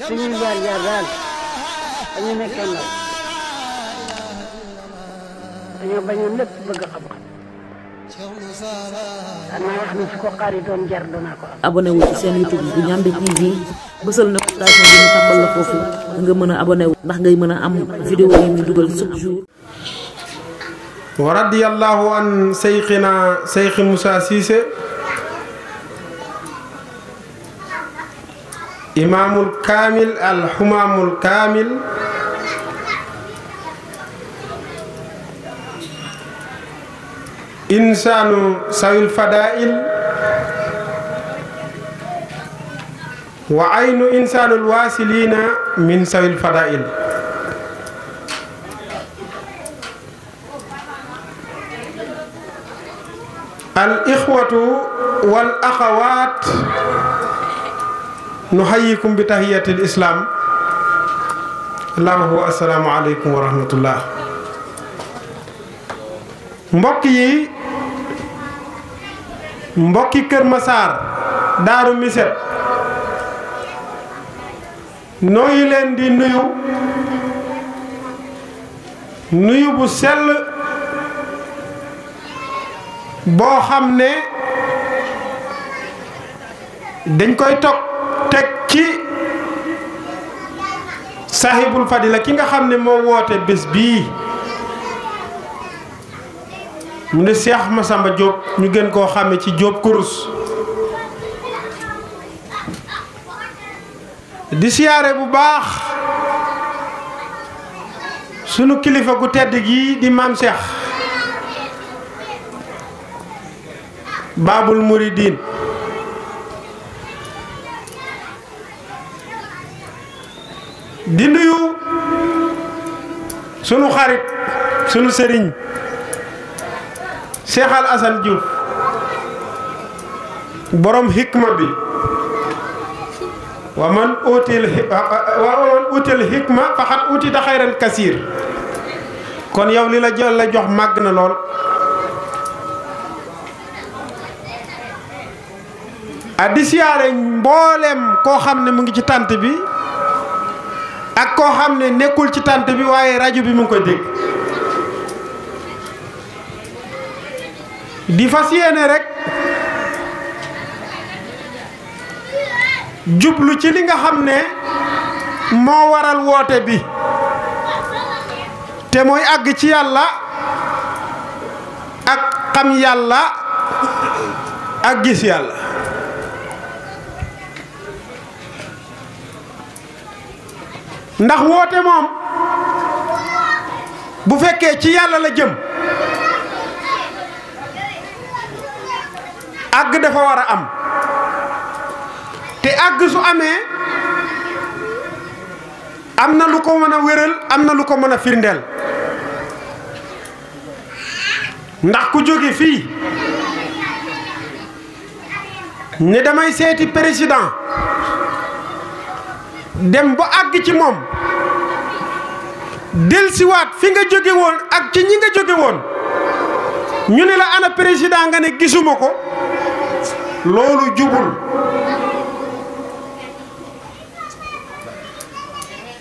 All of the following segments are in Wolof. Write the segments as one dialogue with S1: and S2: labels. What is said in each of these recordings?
S1: suñuy jaar jaar daal dañu nekkee ndaw dañoo bañoon lépp bëgg xam-xam xanaa wax na su ko xaaritoon jar doonaa ko am. abonné wu ci seen bu Ndiamé TV bësal na ko station nga mën a abonné ndax ngay mën a am vidéo yi ñu dugal chaque jour. wa radiyallahu an seyxina seyxi Moussa Cissé. إمام الكامل الحمام الكامل إنسان سوي الفدائل وعين إنسان الواصلين من سوي الفدائل الإخوة والأخوات nu xayikum bi tahiyatil islaam lam wa assalaamu aleykum wa rahmatullah mbokk yi mbokki Kër Masaar Daaru Miset noo leen di nuyu nuyu bu sell boo xam ne dañ koy toog teg ci sahibul fadila ki nga xam ne moo woote bés bii mu ne Cheikh Massamba Diop ñu gën koo xàmme ci Diop kurus di siyaare bu baax sunu kilifa gu tedd gi di maam Cheikh Baabul Muridiin di nuyu sunu xarit sunu sëriñ Cheikh Al Assane Diouf borom hikma bi wa man util wa man util uti da xayran kasiir kon yow li la jox màgg na lool a di siyaare mbooleem koo xam ne mu ngi ci tànt bi ak koo xam ne nekkul ci tànt bi waaye rajo bi mu ko koy dégg di fas yéene rekk jublu ci li nga xam ne moo waral woote bi te mooy àgg ci yàlla ak xam yàlla ak gis yàlla ndax woote moom bu fekkee ci yàlla la jëm àgg dafa war a am te àgg su amee am na lu ko mën a wéral am na lu ko mën a firndeel ndax ku jóge fii ne damay seeti président dem ba àgg ci moom siwaat fi nga jóge woon ak ci ñi nga jóge woon ñu ni la ana président nga ne gisuma ko loolu jubul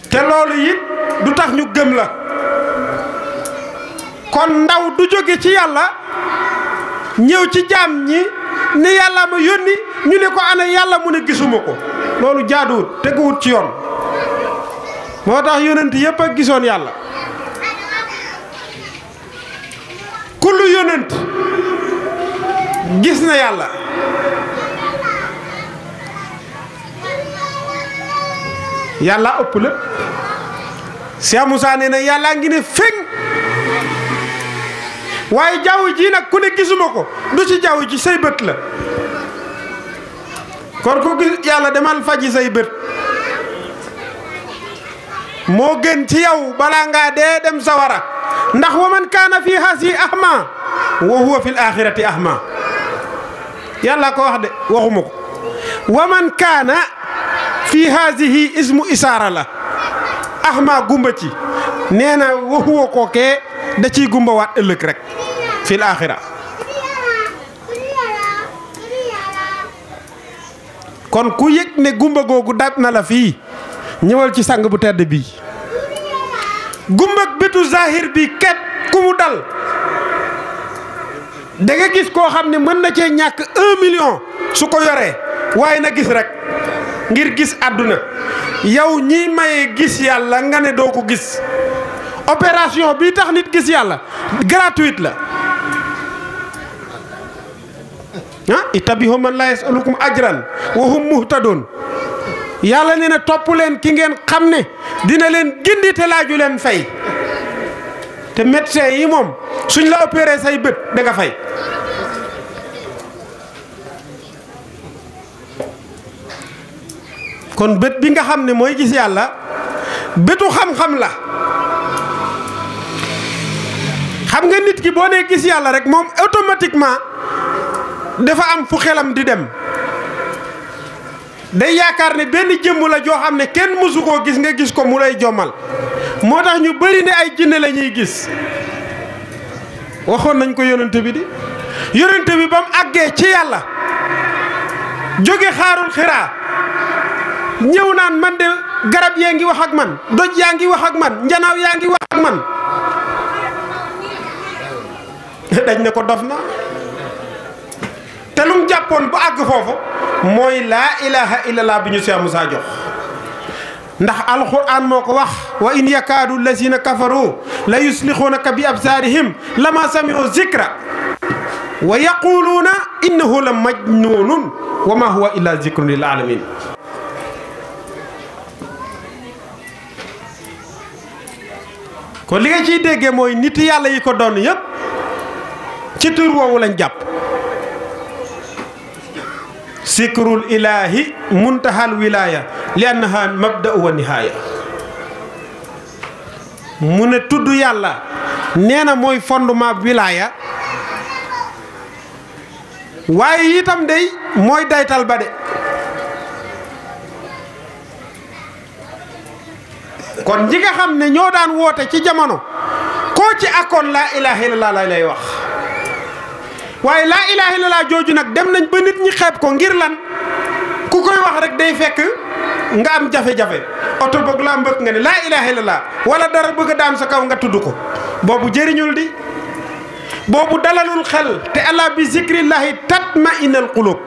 S1: te loolu it du tax ñu gëm la kon ndaw du jóge ci yàlla ñëw ci jaam ñi ne yàlla yónni ñu ne ko ana yàlla mu ne gisuma ko loolu jaaduwut teguwut ci yoon moo tax yonent yépp a gisoon yàlla kullu yonent gis na yàlla yàlla ëpp lépp Cheikh Moussa nee na yàllaa ngi ne feeñ waaye jaww ji nag ku ne gisuma ko du ci jaww ji say bët la kon ku gis yàlla demal faji say bët moo gën ci yow balaa ngaa dee dem sawara ndax wa man kaana fii haasi ahma wa huwa fi l axirati ahma yàlla ko wax de waxuma ko wa man kaana fii haasihi ismu isaara la ahma gumba ci nee na waxuwa kookee da ciy gumba waat ëllëg rek fi l axira kon ku yëg ne gumba googu dab na la fii ñëwal ci sang bu tedd bi gumbag bitu zahir bi ket ku mu dal da gis koo xam ne mën na cee ñàkk un million su ko yoree waaye na gis rek ngir gis àdduna yow ñi maye gis yàlla nga ne doo ko gis opération bi tax nit gis yàlla gratuite la ah ittabi'u man laa yas'alukum ajran wa hum muhtadun yàlla nee na topp leen ki ngeen xam ne dina leen gindi te laaju leen fay te médecin yi moom suñ la opéré say bët danga nga fay. kon bët bi nga xam ne mooy gis yàlla bëtu xam-xam la xam nga nit ki boo nee gis yàlla rek moom automatiquement. dafa am fu xelam di dem day yaakaar ne benn jëmm la joo xam ne kenn mësu koo gis nga gis ko mu lay jommal moo tax ñu bari ne ay jinne la ñuy gis waxoon nañ ko yonent bi di yonent bi ba mu àggee ci yàlla jóge xaarul xiraa ñëw naan man de garab yaa ngi wax ak man doj yaa ngi wax ak man njanaaw yaa ngi wax ak man dañ ne ko dof na تلوم جابون بو موي لا اله الا الله بنيو سي موسى جوخ القران مكو وان يكاد الذين كفروا لا يسلخونك بابصارهم لما سمعوا ذكرا ويقولون انه لمجنون وما هو الا ذكر للعالمين كل ليغي سي ديغي موي نيت يالا يكو دون ييب سي تور وو لا نجاب sikrul ilaahi muntahal wilaaya li annaha mabda wa nihaaya mu ne tudd yàlla nee na mooy fondement wilaaya waaye itam day mooy daytal ba de kon ñi nga ne ñoo daan woote ci jamono koo ci akkoon laa ilaaha illallaah lay wax waaye laa ilaaha lalaa jooju nag dem nañ ba nit ñi xeeb ko ngir lan ku koy wax rek day fekk nga am jafe-jafe oto boog laa mbëkk nga ne laa ilaaha illallaah wala dara bëgg a daam sa kaw nga tudd ko boobu jëriñul di boobu dalalul xel te alaa bi zikrillaahi tatma innal qulub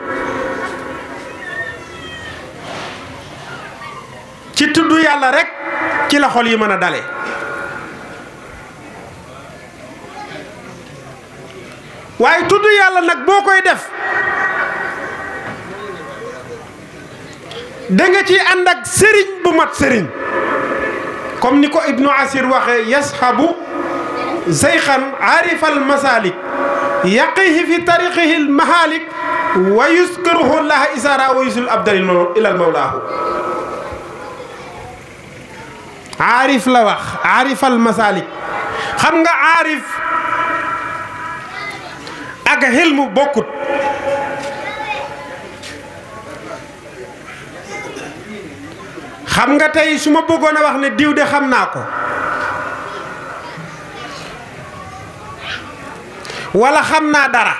S1: ci tudd yàlla rek ci la xol yi mën a dale waaye tudd yàlla nag boo koy def da nga ci ànd ak sëriñ bu mat sëriñ comme ni ko ibnu asir waxee yashabu zeyxan aarifal masalik yaqihi fi tariqihi l mahalik wa yuskaruhu laha isara wa yusul abdal ilal mawlaahu aarif la wax aarifal masalik xam nga aarif ak xel mu bokkut xam nga tey su ma bëggoon a wax ne diw de xam naa ko wala xam naa dara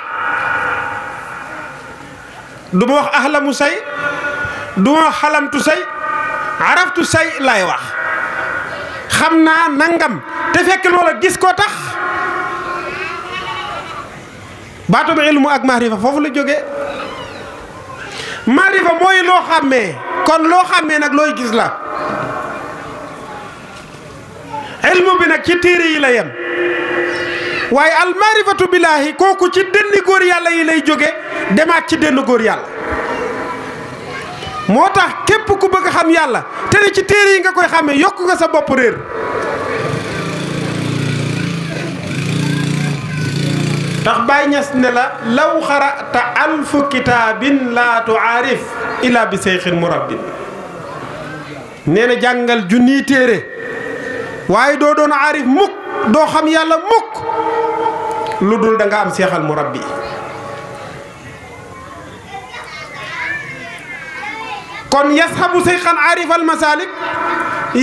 S1: du ma wax axlamu say du ma wax xalamtu say araftu say lay wax xam naa nangam te fekk loola gis ko tax baatu bi ilmu ak maarifa foofu la jógee maarifa mooy loo xàmmee kon loo xàmmee nag looy gis la ilmu bi nag ci téere yi la yem waaye almaarifatu billaahi kooku ci dënn góor yàlla yi lay jóge demaat ci dënn góor yàlla moo tax képp ku bëgg xam yàlla te ne ci téere yi nga koy xàmmee yokk nga sa bopp réer ndax bay Niass ne la law xarata alf kitabin la tu'arif ila bi seyxin murabbin neena jangal ju ni tere waye do doon arif muk do xam yàlla muk ludul da nga am seexal murabbi kon yashabu seyxan aarifal masaalik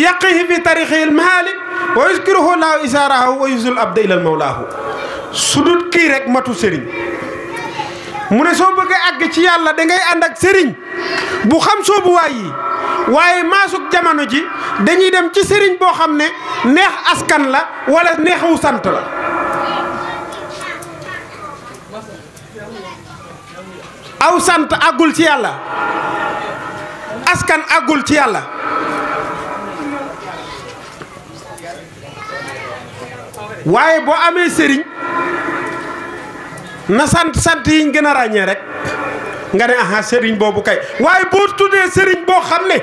S1: yaqihi fi tarixil mahaalik wa yuskiruhu laahu isaarahu wa yusul abda ilal mawlaahu Sudut ki rek matu serigne mune so soo ag ci yalla da ngay ànd ak sëriñ bu xam bu wayi waye masuk jamono ji dañuy dem ci serigne bo xamne neex askan la wala neexu sant la aw sant agul ci yalla askan agul ci yalla waye bo sering. serigne na sant sant yiñ gën a ràññee rek nga ne aha sëriñ boobu kay waaye boo tuddee sëriñ boo xam ne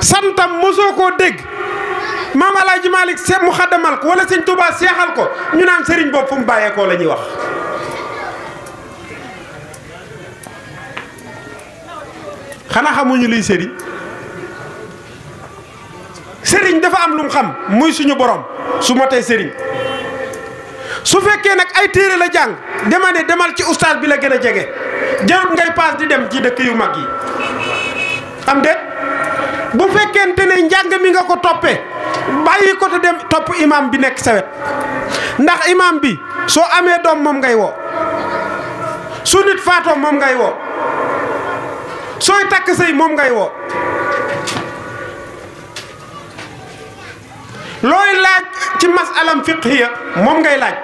S1: santam mosoo koo dégg maam alaaji Malick se mu ko wala sëñ Tuubaa seexal ko ñu naan sëriñ boobu fu mu bàyyeekoo la ñuy wax xanaa xamuñu luy sëriñ sëriñ dafa am lu mu xam muy suñu borom su ma sëriñ su fekkee nag ay téere la jàng dema demal ci ustaas bi la gën a jege jarul ngay paas di dem ci dëkk yu mag yi am déet bu fekkente ne njàng mi nga ko toppee bàyyi ko te dem topp imam bi nekk sawet ndax imam bi soo amee doom moom ngay woo su nit faatoo moom ngay woo sooy takk sëy moom ngay woo looy laaj ci masalam fiqhiya moom ngay laaj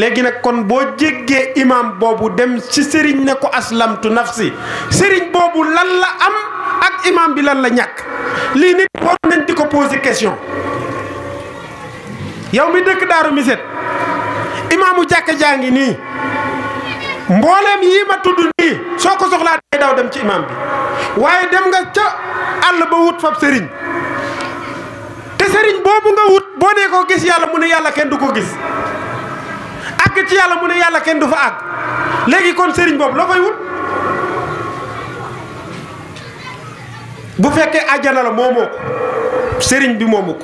S1: léegi nag kon boo jéggee imam boobu dem ci sëriñ ne ko aslamtu nafsi sëriñ boobu lan la am ak imam bi lan la ñàkk lii nit war nañ di yow mi dëkk Daaru Miset imaamu jàkka jaa ngi nii mbooleem yii ma tudd nii soo ko soxlaa day daw dem ci imam bi waaye dem nga ca àll ba wut fab sëriñ sëriñ boobu nga wut boo dee gis yàlla mu ne yàlla kenn du ko gis àgg ci yàlla mu ne yàlla kenn du fa àgg léegi kon sëriñ boobu loo fay wut bu fekkee àjjana la moomoo sëriñ bi moomu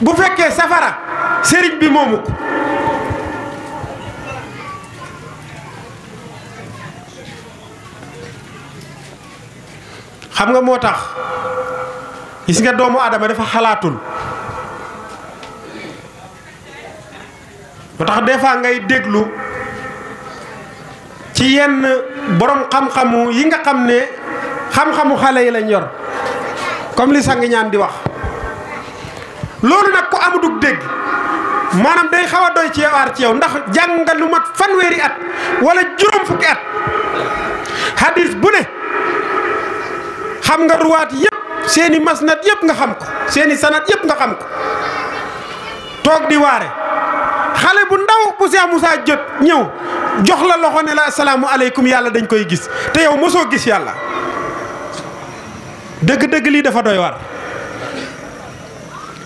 S1: bu fekkee safara sëriñ bi moomu xam nga moo tax gis nga doomu adama dafa xalaatul moo tax ngay déglu ci yenn borom xam-xamu yi nga xam ne xam-xamu xale yi lañ yor comme li sang ñaan di wax loolu nag ku amadug dégg manam day xawa doy ci waar ci yow ndax jangal lu mat at wala juróom fukki at hadis bu ne xam nga ruwaat yi seeni masnat yëpp nga xam ko seeni sanat yëpp nga xam ko toog di waare xale bu ndaw bu Cheikh Moussa jot ñëw jox la loxo ne la asalaamu aleykum yàlla dañ koy gis te yow mosoo gis yàlla dëgg-dëgg lii dafa doy war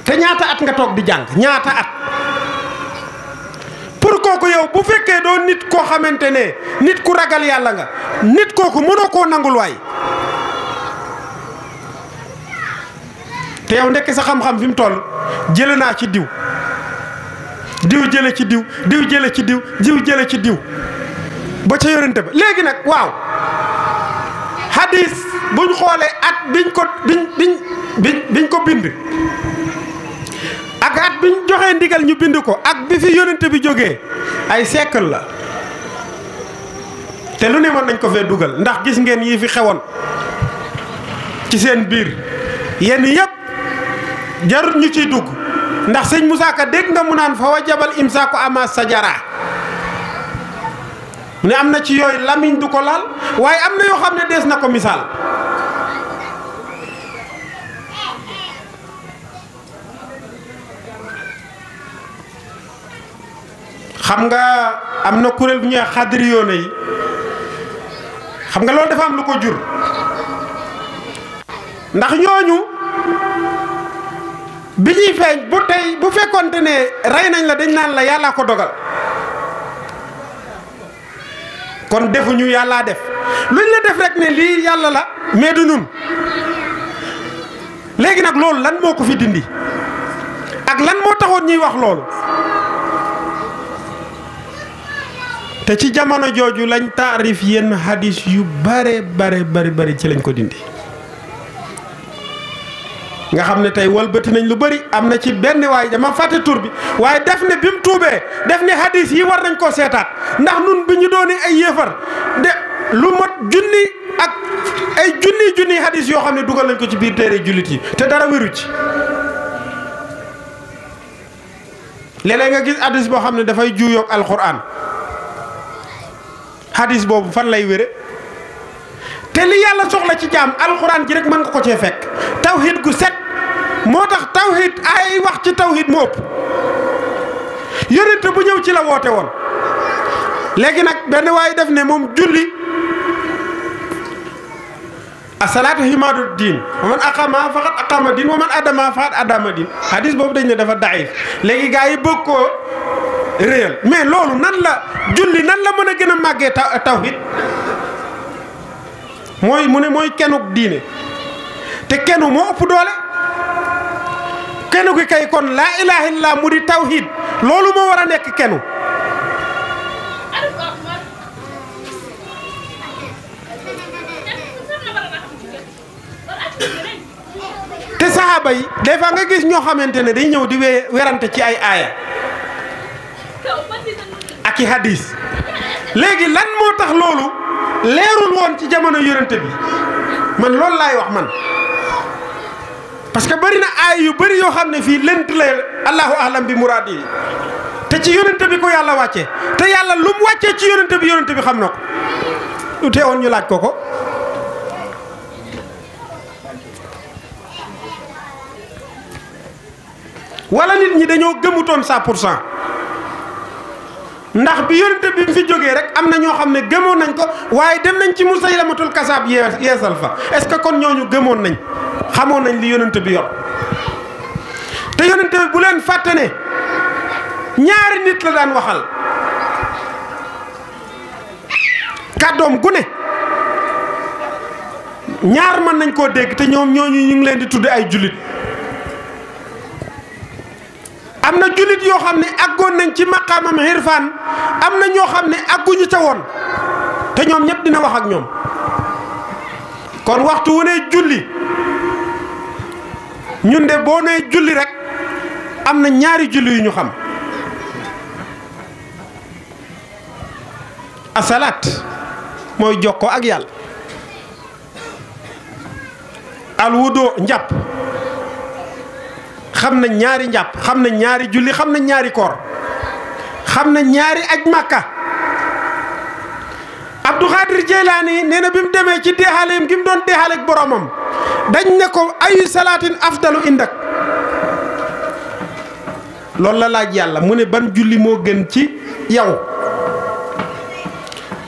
S1: te ñaata at nga toog di jàng ñaata at pour kooku yow bu fekkee doo nit koo xamante ne nit ku ragal yàlla nga nit kooku mënoo koo nangul waay te yow ndekk sa xam-xam fi mu toll jële naa ci diw diw jële ci diw diw jële ci diw diw jële ci diw ba ca yorente ba léegi nag waaw hadis buñ xoolee at biñ ko biñ biñ biñ biñ ko bind ak at biñ joxee ndigal ñu bind ko ak bi fi yonente bi jógee ay siècle la te lu ne mën nañ ko fee dugal ndax gis ngeen yi fi xewoon ci seen biir yenn yépp jarut ñu ciy dugg ndax sëñ Moussa Ka dégg nga mu naan fa wa jabal imsa ko ama sajara mu ne am na ci yooyu lamiñ du ko laal waaye am na yoo xam ne dees na ko misaal xam nga am na kuréel bu ñuy xadri yoone yi xam nga loolu dafa am lu ko jur ndax ñooñu bi ñuy feeñ bu tey bu fekkonte ne rey nañ la dañ naan la yàllaa ko dogal kon defuñu yàllaa def luñ la def rek ne lii yàlla la mais du nun léegi nag loolu lan moo ko fi dindi ak lan moo taxoon ñuy wax loolu te ci jamono jooju lañ taarif yenn hadis yu bare bare bare bare ci lañ ko dindi nga xam ne tey walbati nañ lu bari am na ci benn waaye dama fàtte tur bi waaye def ne bi mu tuubee def ne hadis yi war nañ koo seetaat ndax nun bi ñu dooni ay yéefar de lu mot junni ak ay junni junni hadis yoo xam ne dugal nañ ko ci biir téere jullit yi te dara wéru ci léeg nga gis hadis boo xam ne dafay juuyoog alquran hadis boobu fan lay wére te li yàlla soxla ci jaam alquran ji rek mën nga ko cee fekk tawhid gu set moo tax tawhid ay wax ci tawhid mu ëpp yonent bu ñëw ci la woote woon léegi nag benn waaye def ne moom julli asalaatu himaadu diin wa man aqama faqad diin wa man adama faqad adama diin hadis boobu dañ ne dafa daif léegi gaa yi bëgg koo réyal mais loolu nan la julli nan la mën a gën a màggee tawhid mooy mu ne mooy kenuk diine te kenu moo ëpp doole kenu gi kay kon laa ilaha illallah mu di tawhid loolu moo war a nekk kenu te saxaaba yi des nga gis ñoo xamante ne day ñëw di werante ci ay aaya ak i hadis léegi lan moo tax loolu leerul woon ci jamono yonent bi man loolu laay wax man parce que bëri na aay yu bëri yoo xam ne fii lënt la allahu alam bi muraad yi te ci yonente bi ko yàlla wàcce te yàlla lu mu wàccee ci yonente bi yonente bi xam na ko ute woon ñu laaj ko ko walla nit ñi dañoo gëmutoon 100 pour cent ndax bi yonente bi fi jógee rek am na ñoo xam ne gëmoon nañ ko waaye dem nañ ci mu musaylamatul kasaab yeesal fa est-ce que kon ñooñu gëmoon nañ xamoon nañ li yonente bi yor te yonente bu leen fàtte ne ñaari nit la daan waxal kàddoom gu ne ñaar man nañ koo dégg te ñoom ñooñu ñu ngi leen di tudd ay jullit am na jullit yoo xam ne àggoon nañ ci maqaamam xirfaan am na ñoo xam ne àgguñu ca woon te ñoom ñëpp dina wax ak ñoom kon waxtu wu ne julli ñun de boo nee julli rek am na ñaari julli yu ñu xam asalaat mooy jokkoo ak yàlla alwudo njàpp xam nañ ñaari njàpp xam na ñaari julli xam na ñaari koor xam na ñaari aj màkka Abdou Khadir Jeylaani nee bi mu demee ci deexaleem gi mu doon deexaleeg boromam dañ ne ko ayu salaatin afdalu indak loolu la laaj yàlla mu ne ban julli moo gën ci yow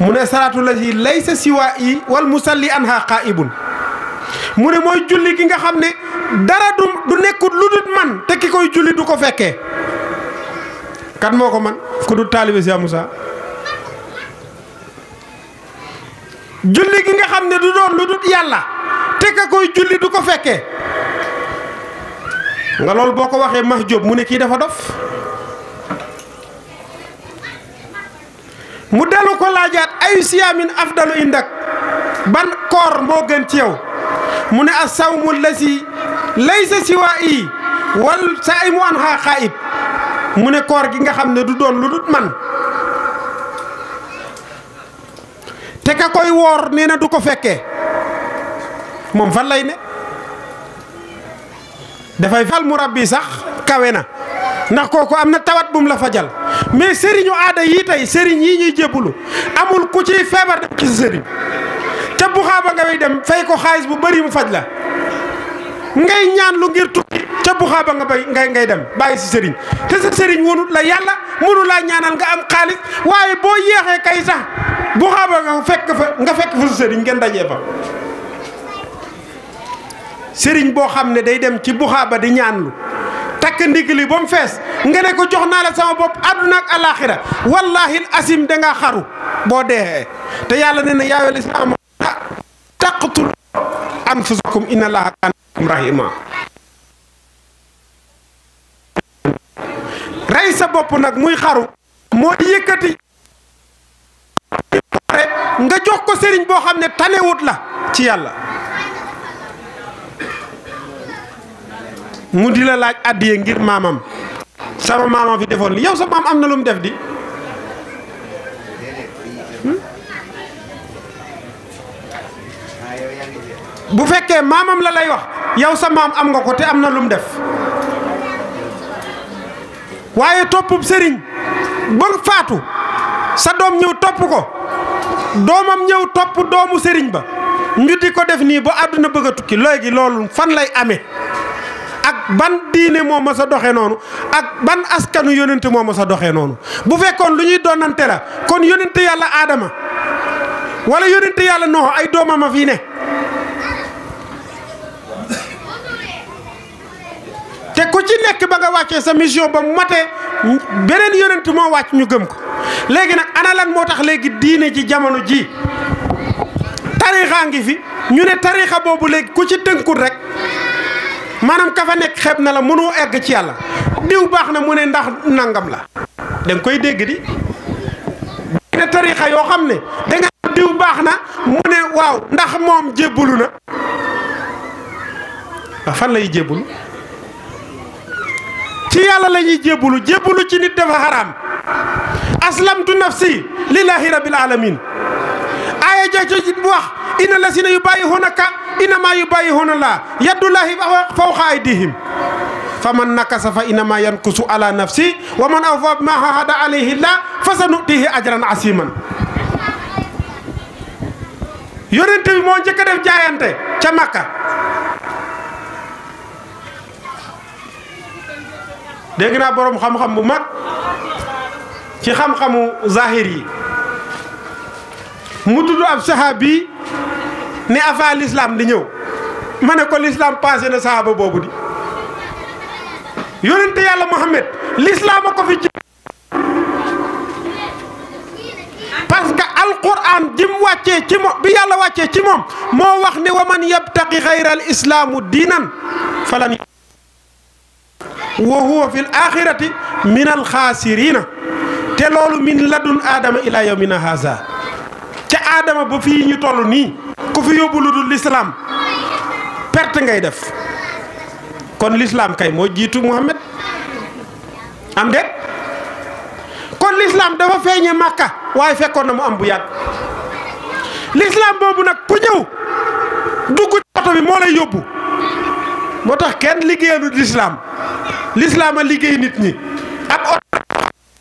S1: mu ne salaatu la lay laysa siwaa yi wal musalli anha qaa'ibun mu ne mooy julli gi nga xam ne dara du du nekkut lu dul man te ki koy julli du ko fekkee kan moo ko man ku dul taalibe Cheikh Moussa julli gi nga xam ne du doon lu dul yàlla te ka koy julli du ko fekkee nga loolu boo ko waxee max jóob mu ne kii dafa dof mu dellu ko laajaat ayu siyaamin afdalu indak ban koor moo gën ci yow mu ne as la lasi laysa siwaa yi wal saa imu an xaa xaayib mu ne koor gi nga xam ne du doon lu dut man te ka koy woor nee na du ko fekkee moom fan lay ne dafay fal mu rab rabbi sax kawe na ndax kooku am na tawat bum la fajal mais sëriñu aada yii tey sëriñ yii ñuy jébbalu amul ku ci feebar def ci sa sëriñ ca bu xaaba nga way dem fay ko xaalis bu bari mu faj la ngay ñaan lu ngir tukki ca buxaa nga bay ngay ngay dem bàyyi si sëriñ te sa sëriñ wonut la yàlla mënu laa ñaanal nga am xaalis waaye boo yeexee kay sax buxaa ba nga fekk fa nga fekk fa sa sëriñ ngeen dajee fa sëriñ boo xam ne day dem ci buxaa ba di lu takk li ba mu fees nga ne ko jox naa la sama bopp àdduna ak alaaxira wallaahi asim da xaru boo deexee te yàlla ne na yaayol islaam taqtul anfusakum inna allaha rahima rey sa bopp nag muy xaru moo yëkkati nga jox ko sëriñ boo xam ne tanewut la ci yàlla mu di la laaj àddiye ngir maamam sama maamam fi defoon li yow sa maam am na lu mu def di hmm? bu fekkee maamam la lay wax yow sa maam am nga ko te am na lum def waaye toppub sëriñ ba faatu sa doom ñëw topp ko doomam ñëw topp doomu sëriñ ba ñu ko def nii ba àdduna bëgg a tukki léegi loolu fan lay amee ak ban diine moom ma sa doxee noonu ak ban askanu yonent moo ma sa doxee noonu bu fekkoon lu ñuy doonante la kon yonent yàlla aadama walla yonent yàlla noox ay doomam a fii ne te ku ci nekk ba nga wàccee sa mission ba mate beneen yonent moo wàcc ñu gëm ko léegi nag ana lan moo tax léegi diine ci jamono ji tariixa ngi fi ñu ne tariixa boobu léegi ku ci tënkut rek maanaam ka fa nekk xeeb na la mënoo egg ci yàlla diw baax na mu ne ndax nangam la da koy dégg di ne tariixa yoo xam ne danga diw baax na mu ne waaw ndax moom jébbulu na fan lay jébbulu ci yàlla la ñuy jébbalu jébbalu ci nit dafa xaraam aslamtu nafsi lillahi rabbil alamin aaya jaco ji bu wax inna lasina yu bàyyi hoona ka innama yu bàyyi hoona laa yaddullahi fawqa aydihim fa man nakasa fa innama yankusu ala nafsi wa man awfa bima ahada alayhi llah fa sa nutihi ajran asiman yonente bi moo njëkk def jaayante ca Makka dégg naa boroom xam-xam bu mag ci xam-xamu zahir yi mu tudd ab sahabi ne avant l'islam di ñëw ma ne ko l'islam passé na sahaba boobu di yonente yàlla Muhammad l'islam a ko fi ci parce que alquran jim wàccee ci moom bi yàlla wàccee ci moom moo wax ne waman yabtaqi xayra al islaamu diinan falan wa huwa fil axirati minal xaasiriina te loolu min ladun aadama ila yawmina haza ca aadama ba fii ñu toll nii ku fi yóbbu lu lislaam perte ngay def kon lislaam kay moo jiitu Muhammad am déet kon lislaam dafa feeñe màkka waaye fekkoon na mu am bu yàgg lislaam boobu nag ku ñëw dugg ci oto bi moo yóbbu moo tax kenn liggéeyalu lislaam lislaama liggéey nit ñi ab oto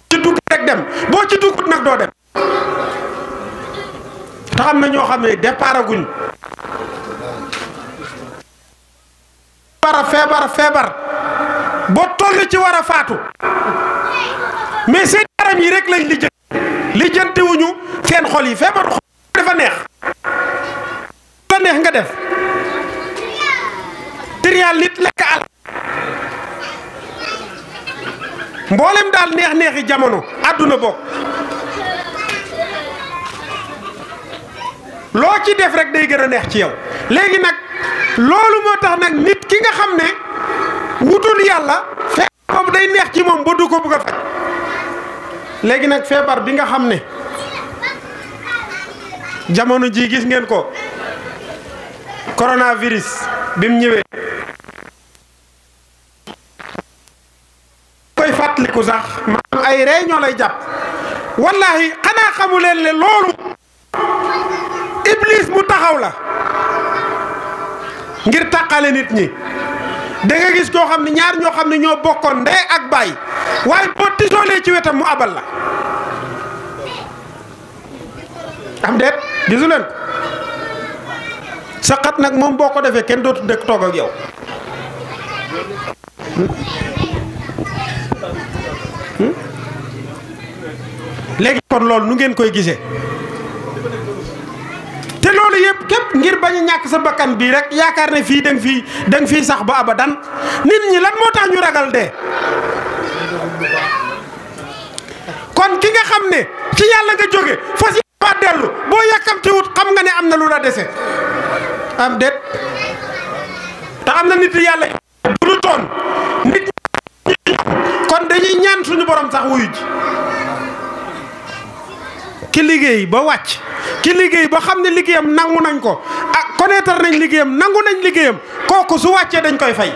S1: ci dugg rek dem boo ci duggut nag doo dem te am na ñoo xam ne départ guñ feebar feebar feebar boo toll ci war a faatu mais seen yaram yi rek lañ lijjanti lijjanti wuñu seen xol yi feebar xol dafa neex la neex nga def trial nit lekk al mboolem daal neex-neexi jamono àdduna boo loo ci def rek day gën a neex ci yow léegi nag loolu moo tax nag nit ki nga xam ne wutul yàlla feebar day neex ci moom ba ko bëgg a léegi nag feebar bi nga xam ne jamono ji gis ngeen ko korona bi mu ñëwee fàttaliku sax maanaam ay réunion lay jàpp wallahi xanaa xamu leen ne loolu iblis bu taxaw la ngir tàqale nit ñi danga gis koo xam ne ñaar ñoo xam ne ñoo bokkoon ndey ak baay waaye boo tisoolee ci wetam mu abal la am deet gisu leen saqat nag moom boo ko defee kenn dootu dëkk toog ak yow léegi kon loolu lu ngeen koy gisee te loolu yëpp képp ngir bañ a ñàkk sa bakkan bii rek yaakaar ne fii da nga fii da fii sax ba abadan nit ñi lan moo tax ñu ragal dee kon ki nga xam ne ci yàlla nga jóge fas yi fa dellu boo yàkkamtiwut xam nga ne am na lu la dese am déet te am na nit yàlla bu nu toon nit kon dañuy ñaan suñu borom sax wuyu ki liggéey ba wàcc ki liggéey ba xam ne liggéeyam nangu nañ ko ak connaître nañ liggéeyam nangu nañ liggéeyam kooku su wàccee dañ koy fay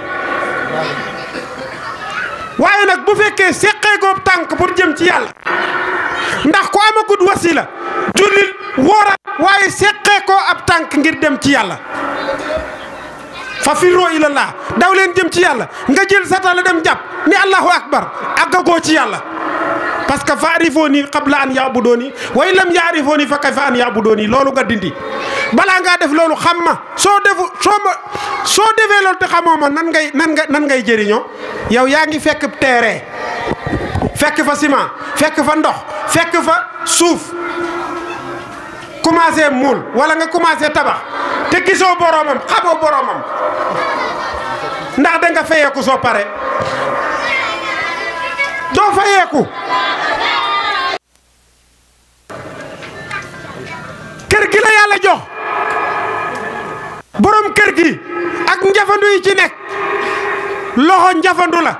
S1: waaye nag bu fekkee seqee goob tànk pour jëm ci yàlla ndax ku amagut wasila jullil wooral waaye seqee koo ab tànk ngir dem ci yàlla fa firroo ilallah daw leen jëm ci yàlla nga jël sa satala dem jàpp ni allahu akbar àggagoo ci yàlla parce que fa arifooni qabla an yaabudooni wa in lam yaarifooni fa kayfa an yaabudooni loolu nga dindi balaa ngaa def loolu xam ma soo defu soo ma soo defee loolu te xamoo ma nan ngay nan nga nan ngay jëriñoo yow yaa ngi fekk teere fekk fa ciment fekk fa ndox fekk fa suuf commencé muul wala nga commencé tabax te gisoo boromam xamoo boromam ndax da nga fayeeku soo pare doo fayeeku ki la yàlla jox boroom kër gi ak njafandu yi ci nekk loxo njafandu la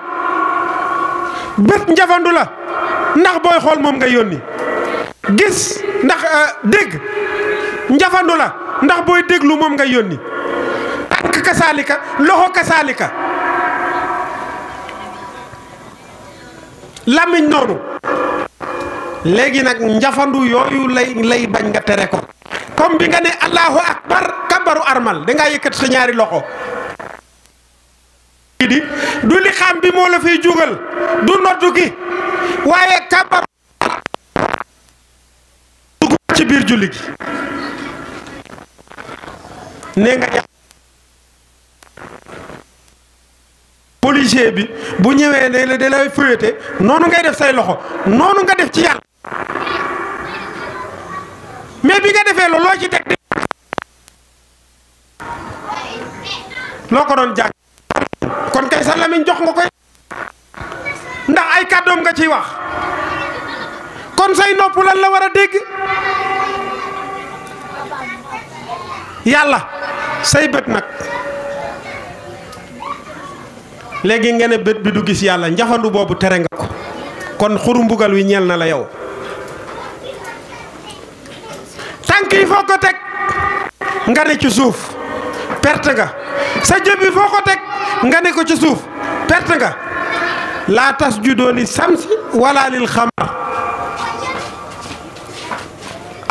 S1: bët njafandu la ndax booy xool moom nga yónni gis ndax euh, dégg njafandu la ndax booy déglu moom nga yónni tànk kasaalika loxo kasaalika làmmiñ noonu léegi nag njafandu yooyu lay lay bañ nga tere ko comme bi nga ne allahu akbar kabaru armal dangaa yëkkat sa ñaari loxo di du li bi moo la fiy jugal du noddu gi waaye kabaru dugg ci biir julli gi nee nga yàq policier bi bu ñëwee ne la da noonu ngay def say loxo noonu nga def ci yàq mais bi nga defee lo loo ci teg di loo ko doon jàng kon kay sa jox nga koy ndax ay cadeau nga ci wax kon say nopp lan la wara a dégg yàlla say bët nak léegi nga ne bët bi du gis yalla njafandu bobu tere nga ko kon xuru mbugal wi ñel na la yow foo ko teg nga ne ci suuf perte nga sa jëb bi foo ko teg nga ne ko ca suuf perte nga laa tas judoo li samsi wala lil xamar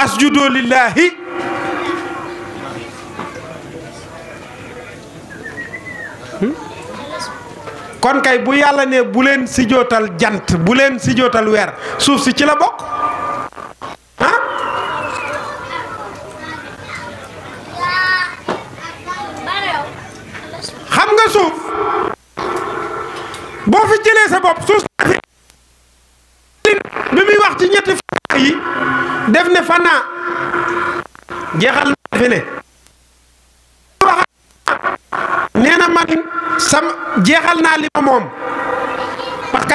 S1: as judoo lillaahi kon kay bu yàlla ne bu leen si jootal jant bu leen si jootal weer suuf si ci la bokk jeexal na fi ne nee na man sam jeexal naa li moom parce que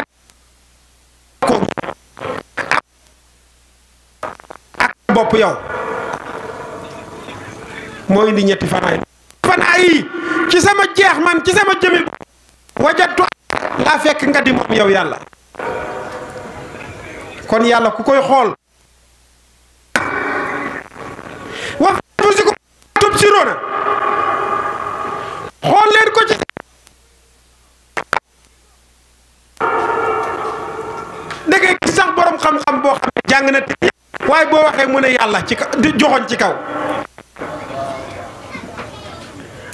S1: ak bopp yow moo indi ñetti fanaay fanaa ci sama jeex man ci sama jëmi wajatu laa fekk nga di moom yow yàlla kon yàlla ku koy xool tubsiroona xool leen ko ci da sax boroom xam-xam boo xam ne jàng na te waaye boo waxee mu yàlla ci kaw di joxoñ ci kaw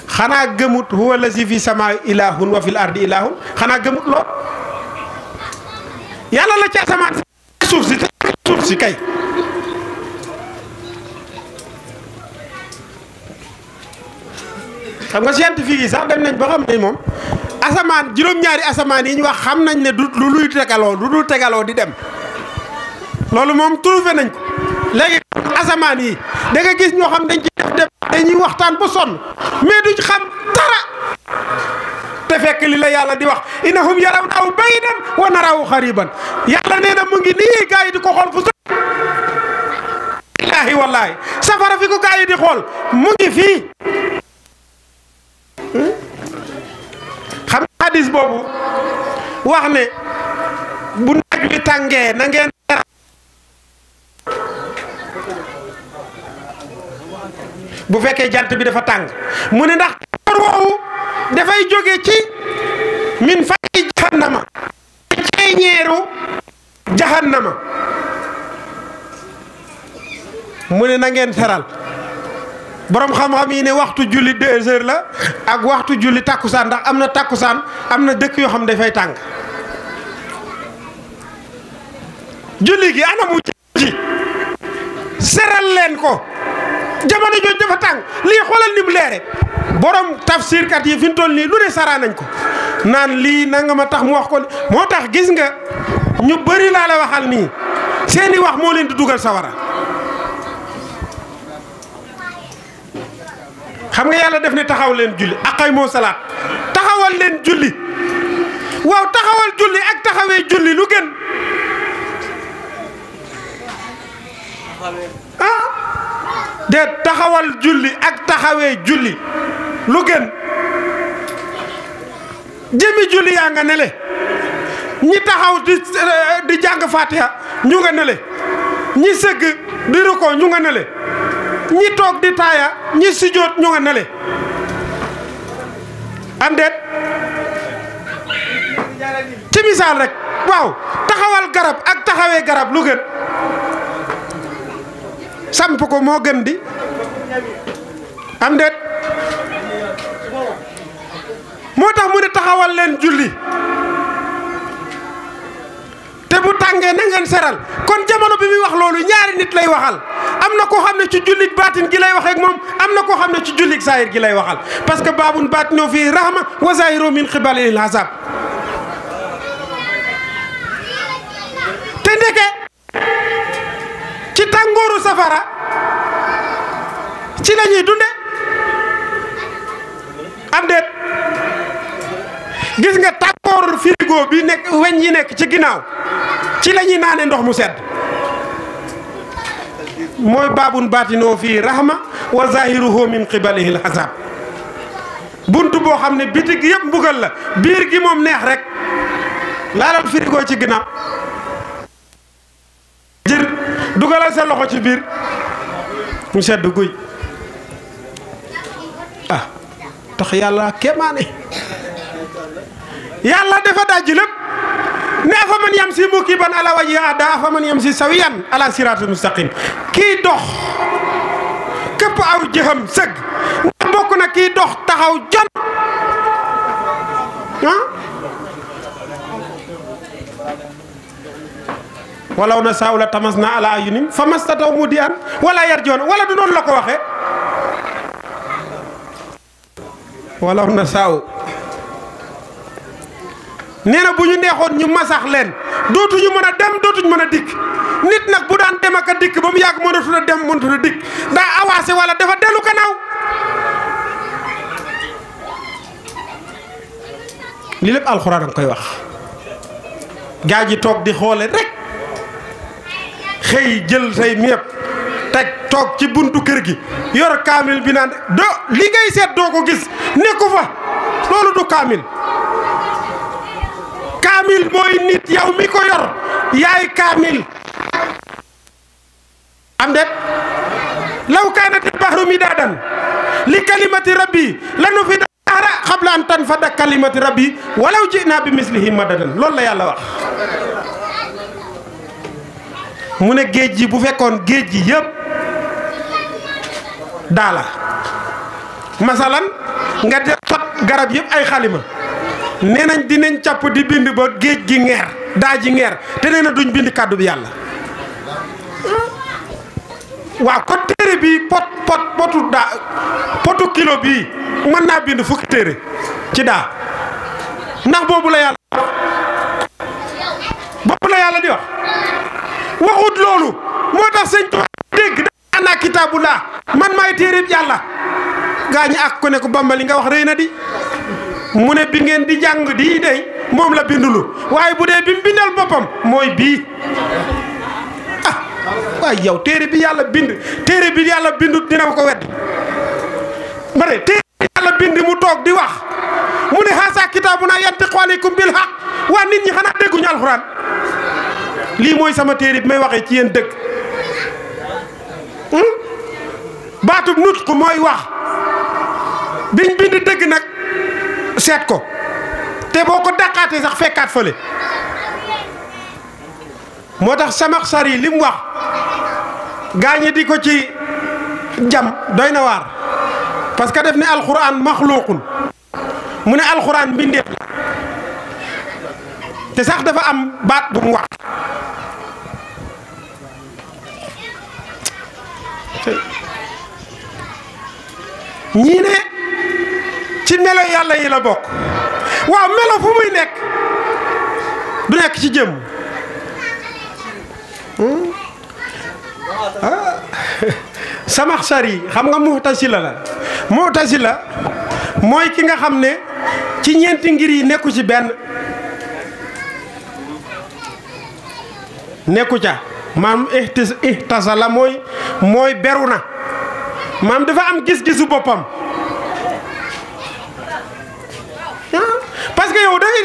S1: xanaa gëmut huwa si fi sama ilahun wa fil ardi ilahun xanaa gëmut lool yàlla la ci asamaan suuf si suuf si kay xam nga scientifique yi sax dem nañ ba xam ne moom asamaan juróom-ñaari asamaan yi ñu wax xam nañ ne du lu luy tegaloo lu dul tegaloo di dem loolu moom trouvé nañ ko léegi asamaan yi da nga gis ñoo xam dañ ci def dem dañuy waxtaan ba sonn mais duñ xam dara te fekk li la yàlla di wax innahum yarawnahu ba'iidan wa narahu qariiban yàlla nee na mu ngi nii gaa yi di ko xool fu sori. wallaahi wallaahi safara fi ko gaa yi di xool mu ngi fii. xam nga boobu wax ne bu naaj wi tàngee na ngeen bu fekkee jant bi dafa tàng mu ne ndax tàngoor woowu dafay jóge ci min fay jahannama ceeñeeru jahannama mu ne na ngeen teral borom xam-xam yi ne waxtu julli deux heures la ak waxtu julli tàkkusaan ndax am na tàkkusaan am na dëkk yoo xam dafay tànk julli gi ana mu ji seral leen ko jamono jooju dafa tànk lii xoolal ni mu leere borom tafsirkat yi fi mu toll nii lu ne saraa nañ ko naan lii nanga ma tax mu wax ko moo tax gis nga ñu bari laa la waxal nii seeni wax moo leen di dugal sawara xam nga yalla def ne taxaw len julli aqay moo salaat taxawal len julli waw taxawal julli ak taxawé julli lu gën ah de taxawal julli ak taxawé julli lu gën jëmi julli ya nga nele ñi taxaw di eh, di jang fatiha ñu nga nele ñi sëgg di ruko ñu nga nele ñi tok di taya ñi si ñu nga nalé andeet ci rek waw taxawal garab ak taxawé garab lu gën samp ko mo gën di am motax mu ne taxawal len julli te bu tangé na ngeen seral kon jamono bi mi wax lolu ñaari nit lay waxal amna ko xamne ci julit batin gi lay wax ak mom amna ko xamne ci julit zahir gi lay waxal parce que babun baatinu fi rahma wa zahiru min qibali al azab te ndeke ci tangoru safara ci lañuy dunde am det gis nga tangoru frigo bi nek wagn yi nek ci ginaaw ci lañuy nané ndox mu sedd موي بابون باتينو في رحمه وظاهره من قبله الحساب بونتو بو خامني بيتيك ييب مبوغال لا بير جي موم نيه رك لالال فريغو سي غنا جير دوغال سا لوخو سي بير مو سد غوي اه تخ يالا كيماني يالا دافا داجي لب ne afaman yamsi mukiban ala wajhi ahda afaman yamsi sawiyan ala siratul mustaqim kii dox képp aw jëxam sëgg ndax bokk na kii dox taxaw jon ah walaw na saawla tamas na ala ayunim fa mastataw mu di an wala yarjoon wala du noonu la ko waxee walaw na saaw nee na bu ñu neexoon ñu masax leen dootuñu mën a dem dootuñu mën a dikk nit nag bu daan dem ak a dikk ba mu yàgg mënatu a dem mënatu a dikk daa avancé wala dafa dellu gannaaw li lépp alxuraan koy wax gaa ji toog di xoole rek xëy jël say mépp teg toog ci buntu kër gi yor kaamil bi naan do li seet doo ko gis nekku fa loolu du kaamil kaamil mooy nit yow mi ko yor yaay kalimati rabbi lanu fi dara xabla la yàlla wax mu ne géej gi bu fekkoon géej gi yëpp daala masalan nga def garab yëpp ay xalima nenañ dinañ ciap di bind ba geej gi ngeer daa ji ngeer te nee duñ bind kaddu bi yalla wa ko téré bi pot pot potu da potu kilo bi man na bind fukki téré ci da ndax bobu la yalla bobu la yalla di wax waxut lolu motax señ sëñ deg da ana kitabullah man may téré bi yalla gaa ak ko ne ko bambali nga wax reyna di mu ne bi ngeen di jàng di dey moom la bindulu waaye bu dee bi mu bindal boppam mooy bii ah waaye yow téere bi yàlla bind téere bi yàlla bindut dina ko wedd ma ne téere bi yàlla bind mu toog di wax mu ne xaasaa kitaabu naa yantiqu aleykum bil haq waa nit ñi xanaa dégguñu alxuraan lii mooy sama téere bi may waxee ci yéen dëgg hmm? baatub nutq mooy wax biñ bind dëgg nag seet ko te boo ko dàqaatee sax fekkaat le moo tax samax sar yi li wax gaañi di ko ci jam doy na waar parce que def ne alxuraan maxluuqun mu ne alxuraan mbindeef la te sax dafa am baat bu mu wax ñii ci melo yàlla yi la bokk waaw melo fu muy nekk du nekk ci jëmm hmm? ah. samaxsar yi xam nga muxtasila la muxtasila mooy ki nga xam ne ci ñeenti ngir yi nekku ci benn nekku ca maam ihtasala mooy mooy beru na maam dafa am gis-gisu boppam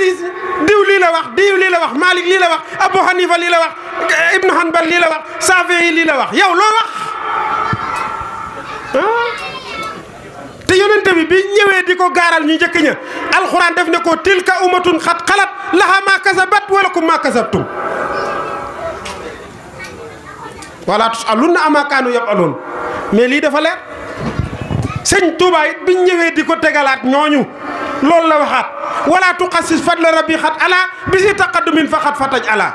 S1: Aziz diw lii la wax diw lii la wax Malik lii la wax Abu Hanifa lii la wax Ibnu Hanbal lii la wax Safii lii la wax yow loo wax te yonente bi bi ñëwee di ko gaaral ñu njëkk ña alxuraan def ne ko tilka umatun xat xalat laha ma kasabat wala kum ma kasabtum wala tusalunna ama kaanu yabaloon mais lii dafa leer sëñ Touba it biñ ñëwee di ko tegalaat ñooñu loolu la waxaat wala tuqassis fadla rabbi xat ala bi si taqaddumin fa xat fataj ala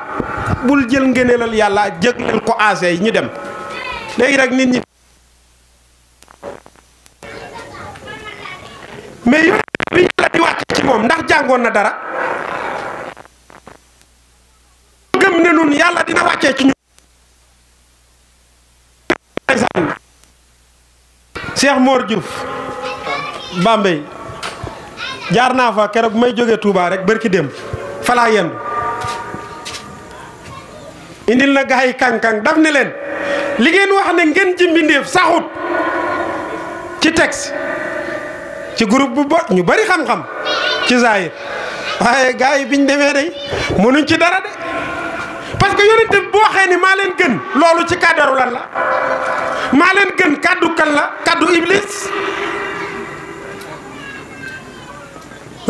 S1: bul jël ngëneelal yàlla jëgleel ko aase yi ñu dem léegi rek nit ñi mais yooyu bi yàlla ndax jàngoon na dara gëm yàlla dina wàccee ci ñu Cheikh Mor Diouf Bambey jaar naa fa keroog may jógee Touba rek bërki démb fa laa indil na gaa yi kàng-kàng daf ne leen li ngeen wax na ngeen ji mbindéef saxut ci texte ci groupe bu bo ñu bari xam-xam ci zaahir waaye gaa yi biñ demee day mënuñ ci dara de parce que yonente bi boo waxee maa leen gën loolu ci kàddaru lan la maa leen gën kàddu kan la kàddu iblis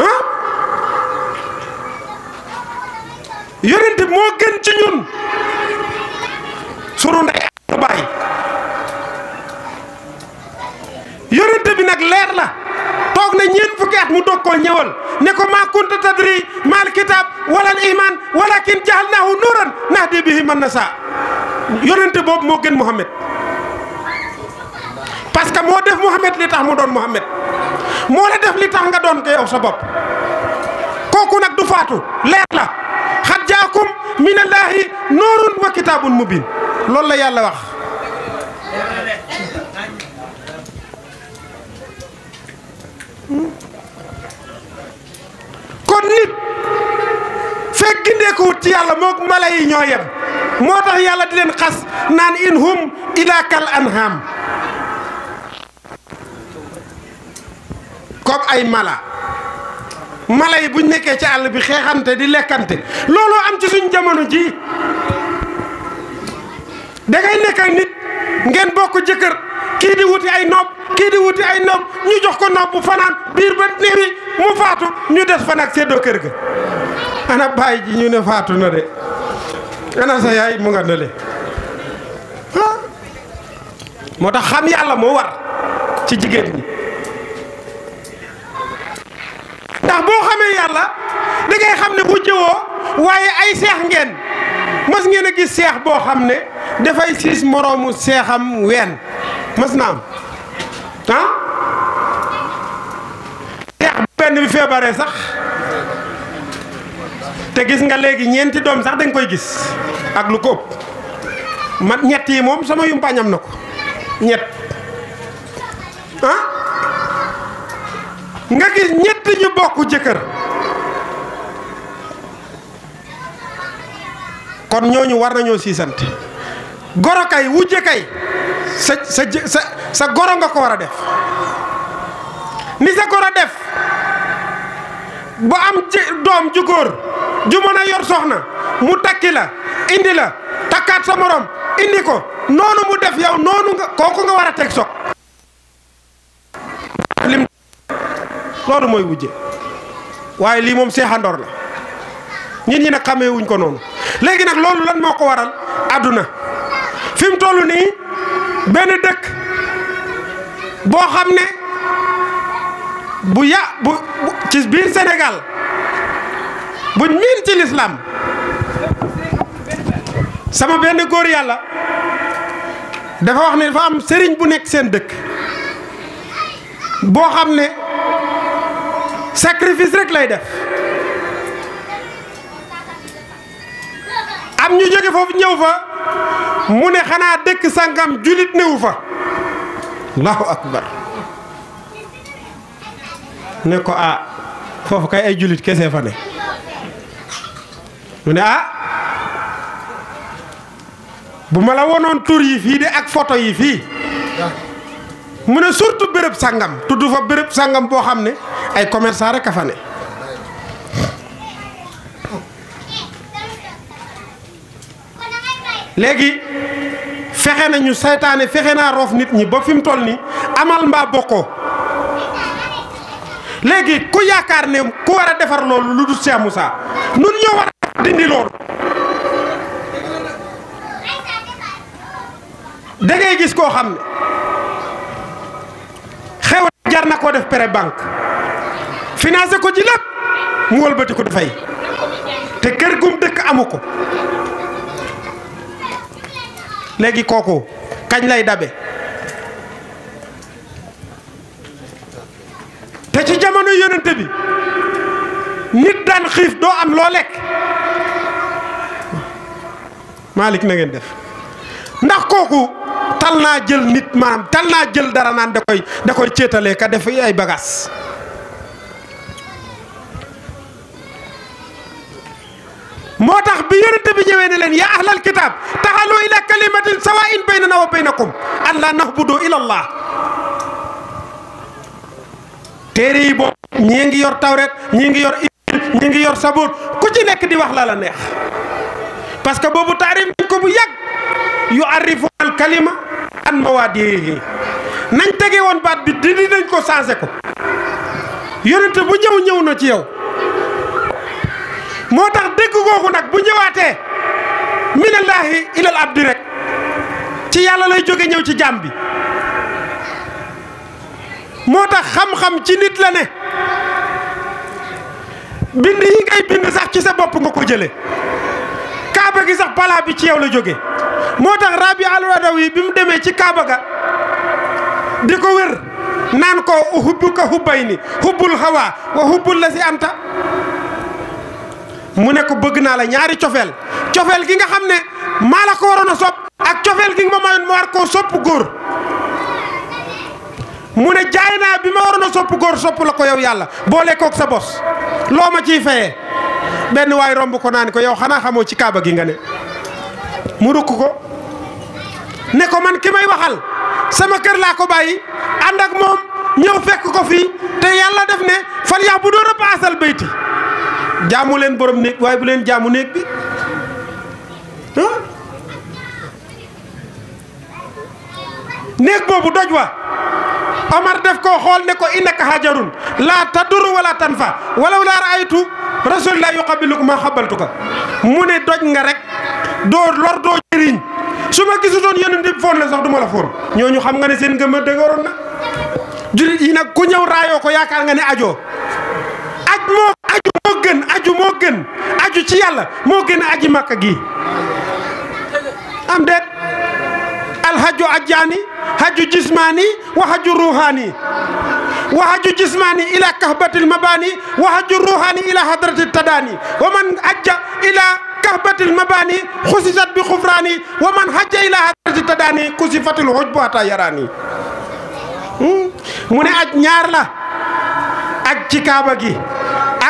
S1: ah yonent moo gën ci ñun sunu ndey ak baay bi nag leer la toog na ñeent fukki at mu doog koo ñëwal ne ko maa kunta tadri maal kitaab wala iman walakin jahalnaahu nuuran nahdi bihi man nasaa yonent boobu moo gën Muhammad parce que moo def Muhammad li tax mu doon Muhammad moo la def li tax nga doon ko yow sa bopp kooku nag du faatu leer la xat jaakum minallaahi noorun wa kitaabun mubin loolu la yàlla wax kon nit fekk gindeekuwut ci yàlla moog mala ñoo yem moo tax yàlla di leen xas naan in hum ila kal anham comme ay mala mala yi buñ nekkee ci àll bi xeexante di lekkante looloo am ci suñ jamono ji da ngay nekk ak nit ngeen bokk jëkkër kii di wuti ay nopp kii di wuti ay nopp ñu jox ko nopp bu fanaan biir ba néewi mu faatu ñu des fan ak seddoo kër ga ana bàyyi ji ñu ne faatu na de ana sa yaay mu nga nële ah. moo tax xam yàlla moo war ci jigéen ñi ndax bo xamé yalla da ngay xamné bu jëwo waye ay cheikh ngeen mas ngeen a cheikh bo xamné da ne dafay moromu cheikham seexam mas na am ah ben bi febaré sax té gis nga légui ñenti dom sax dañ koy gis ak lu ko man ñett sama yum pañam nako ñet ah nga gis ñett ñu bokk jëkkër kon ñooñu war nañoo siisante goro kay wujje kay sa sa sa goro nga ko war a def ni sa goro def ba am doom ju góor ju mën yor soxna mu takki la indi la takkaat sa morom indi ko noonu mu def yow noonu nga kooku nga war a teg soog loolu mooy wujje waaye lii moom seexandoor la nit ñi nag xamee ko noonu léegi nag loolu lan moo ko waral àdduna fi mu toll nii benn dëkk boo xam ne bu ya bu ci biir Sénégal buñ miin ci lislaam sama benn góor yàlla dafa wax ne dafa am sëriñ bu nekk seen dëkk boo xam ne sacrifice rek lay def am ñu jóge fofu ñew fa mu ne xana dekk sangam julit néew fa allahu akbar ne ko a ah, fofu kay ay julit kese fa ne mu ne a ah, bu mala wonon tour yi fi de ak photo yi fi mu ne surtout béréb sangam tuddu fa béréb sangam bo xamne ay commerçant rek a fa ne léegi fexe nañu saytaane fexe naa roof nit ñi ba fi toll ni amal mbaa bokkoo léegi ku yaakaar ne ku war a defar loolu lu dul Cheikh saa nun ñoo war a dindi loolu da gis koo xam ne xew jar na koo def pré banque financé ko ci lépp mu wëlbati ko di fay te kër gum dëkk amu ko léegi kooku kañ lay dabe te ci jamono yonente bi nit daan xiif doo am loo lekk Malick na ngeen def ndax kooku tal naa jël nit maanaam tal naa jël dara naan da koy da koy céetalee ka def ay bagaas moo tax bi yonent bi ñëwee ne leen yaa ahlal kitaab taxalu ila kalimatin sawaa'in baynana wa baynakum allaa na'budu illa allah téere yi boobu ñii ngi yor tawret ñii ngi yor injiil ñii ngi yor sabuur ku ci nekk di wax la la neex parce que boobu taarif nañ ko bu yàgg yu arrifu al kalima an mawaadihi nañ tege woon baat bi dindi nañ ko changé ko yonent bu ñëw ñëw na ci yow dégg googu nag bu ñëwaatee minallaahi ilal abdi rek ci yàlla lay jóge ñëw ci jaam bi moo tax xam-xam ci nit la ne bind yi ngay bind sax ci sa bopp nga ko jële kaaba gi sax balaa bi ci yow la jóge moo tax Rabi al-Wadawi bi mu demee ci kaaba ga di ko wér naan ko hubbuka hubbayni hubbul hawa wa hubbul la si anta mu ne ko bëgg naa la ñaari cofeel cofeel gi nga xam ne maa la ko waroon a sopp ak cofeel gi nga ma mayoon ma war koo sopp góor mu ne jaay naa bi ma waroon a sopp góor sopp la ko yow yàlla boole kook sa bos loo ma ciy fayee benn waay romb ko naa ni ko yow xanaa xamoo ci kaaba gi nga ne mu rukk ko ne ko man ki may waxal sama kër laa ko bàyyi ànd ak moom ñëw fekk ko fii te yàlla def ne fal yax bu doon a paasal bayti jaamu leen borom néeg waaye bu leen jaamu néeg bi néeg boobu doj wa Omar def koo xool ne ko innaka hajarun laa tadur wala tanfa walaw laa raaytu rasulullah yuqabiluka ma xabaltuka mu ne doj nga rek doo lor doo jëriñ su ma gisutoon yenn nit foon la sax duma la foon ñooñu xam nga ne seen ngëm a dëgëroon na yi nag ku ñëw raayoo ko yaakaar nga ne ajoo aj moo aj moo gën aju moo gën aju ci yàlla moo gën aji makka gi am déet alhaju ajjaani haju jismaani wa haju ruuhaani wa haju jismaani ila kahbatil mabaani wa haju ruuhaani ila hadrati tadaani wa man ajja ila kahbatil mabaani xusisat bi xufraani wa man hajja ila hadrati tadaani kusifatil hujbu hata yaraani hmm? mu ne aj ñaar la ci kaaba gi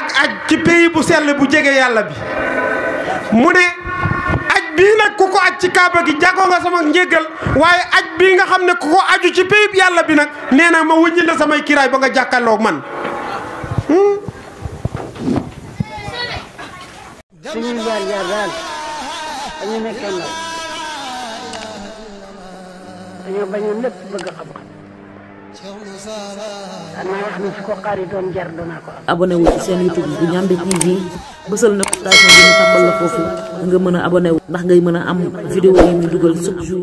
S1: ak aj ci pays bu sell bu jege yàlla bi mu ne aj bii nag ku ko aj ci kaaba gi jagoo nga sama njégal waaye aj bii nga xam ne ku ko aju ci pays yàlla bi nag nee na ma wëññil la samay kiraay ba nga jàkkaloo man hmm? suñuy xanaa wax na su ko xari ko am. abonné wu ci seen YouTube bu Ndiamé TV bësal na station bi ñu tàmbal la foofu nga mën a abonné wu. ndax ngay mën a am vidéo yi ñu dugal chaque jour.